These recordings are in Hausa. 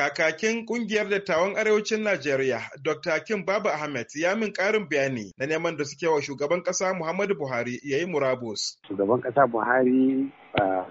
Kakakin kungiyar dattawan arewacin Najeriya, Dr. Kim Babu Ahmed ya min karin bayani na neman da suke wa shugaban kasa Muhammadu Buhari yayi murabus. Shugaban kasa Buhari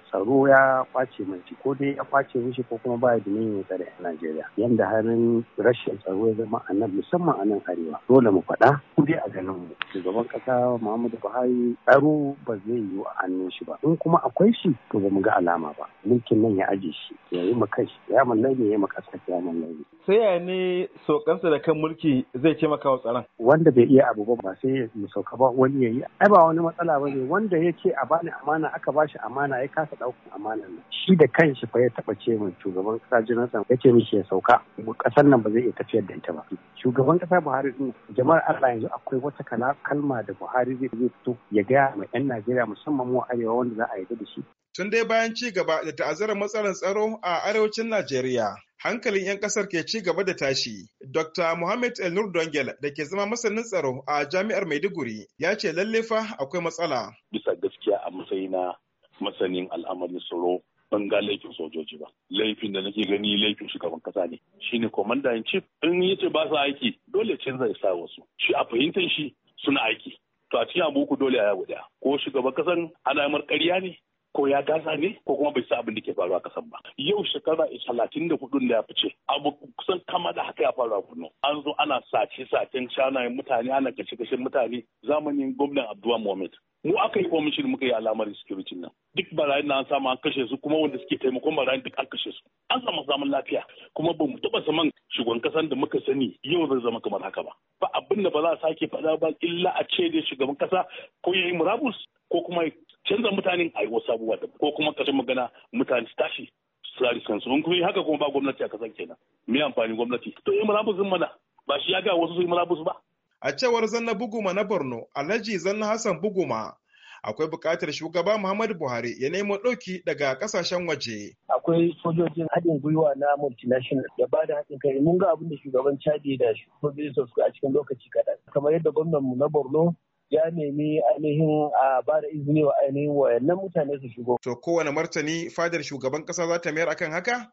tsaro ya kwace mai ko dai ya kwace mishi ko kuma ba da ne tsare a Najeriya yanda harin rashin tsaro ya zama a nan musamman a nan arewa dole mu faɗa ku dai a ganin mu shugaban ƙasa Muhammadu Buhari tsaro ba zai yi a hannun shi ba in kuma akwai shi to ba mu ga alama ba mulkin nan ya aje shi ya yi maka shi ya mallake ya yi maka ya mallake sai ya ne sokansa da kan mulki zai ce wa tsaron wanda bai iya abu ba ba sai mu sauka ba wani ya yi ai ba wani matsala ba ne wanda ya ce a bani amana aka ba shi amana amana ya kasa ɗaukan amanar nan shi da kanshi fa ya taɓa ce min shugaban ƙasa Jonathan ya ce mishi ya sauka ƙasar nan ba zai iya tafiyar da ita ba shugaban ƙasa Buhari din jama'ar Allah yanzu akwai wata kala kalma da Buhari zai fito ya gaya ma 'yan Najeriya musamman mu arewa wanda za a yi da shi tun dai bayan ci gaba da ta'azzara matsalar tsaro a arewacin Najeriya. Hankalin 'yan kasar ke ci gaba da tashi. Dr. Mohammed El Nur Dongel da ke zama masanin tsaro a Jami'ar Maiduguri ya ce lallefa akwai matsala. Bisa gaskiya a matsayina masanin al'amarin tsaro ban ga laifin sojoji ba laifin da nake gani laifin shugaban kasa ne shine ne in chief in ce ba su aiki dole canza ya sa wasu shi a fahimtar shi suna aiki to a cikin abu dole a yawo daya ko shugaban kasan alamar ƙarya ne ko ya gasa ne ko kuma bai sa abin da ke faruwa a kasan ba yau shekara talatin da hudun da ya fice abu kusan kama da haka ya faru a kuno an zo ana sace sacen shanayen mutane ana kashe kashe mutane zamanin gwamnan abdullahi mohammed mu aka yi komishin muka yi alamar security nan duk barayin na an samu an kashe su kuma wanda suke taimakon barayin duk an kashe su an samu zaman lafiya kuma ba mu taba saman shugaban kasan da muka sani yau zai zama kamar haka ba ba abin da ba za a sake faɗa ba illa a ce da shugaban kasa ko yayi murabus ko kuma canza mutanen a yi wasu abubuwa ko kuma kashe magana mutane su tashi su kansu in kuma haka kuma ba gwamnati a kasan kenan me amfani gwamnati to yi murabusin mana ba shi ya ga wasu su yi murabus ba a cewar zanna buguma na borno alhaji zanna hassan buguma akwai buƙatar shugaba Muhammadu Buhari ya nemo ɗauki daga ƙasashen waje. Akwai sojojin haɗin gwiwa na multinational da ba da haɗin kai mun ga abin da shugaban Chadi da shugaban Jesus a cikin lokaci kaɗan. Kamar yadda gwamnan mu na Borno ya nemi ainihin a ba da izini wa ainihin wayannan mutane su shigo. To kowane martani fadar shugaban ƙasa za ta mayar akan haka?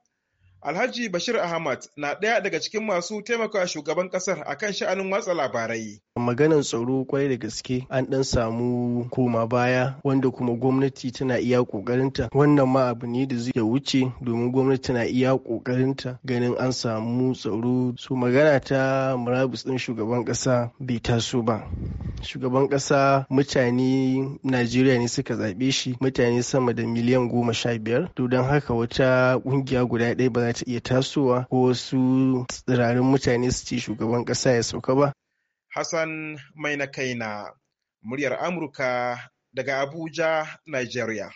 Alhaji Bashir Ahmad na ɗaya daga cikin masu taimakawa shugaban ƙasar a kan sha'anin watsa labarai. Maganan tsaro kwarai da gaske an ɗan samu koma baya wanda kuma gwamnati tana iya ƙoƙarinta. Wannan ma abu ne da zai wuce domin gwamnati tana iya ƙoƙarinta ganin an samu tsaro. Su magana ta murabus ɗin shugaban ƙasa bai taso ba. Shugaban ƙasa mutane Najeriya ne suka zaɓe shi mutane sama da miliyan goma sha biyar. To don haka wata ƙungiya guda ɗaya ba za ta iya tasowa ko wasu tsirarin mutane su ce shugaban ƙasa ya sauka ba. Hassan mai na kai na muryar Amurka daga Abuja, Nigeria.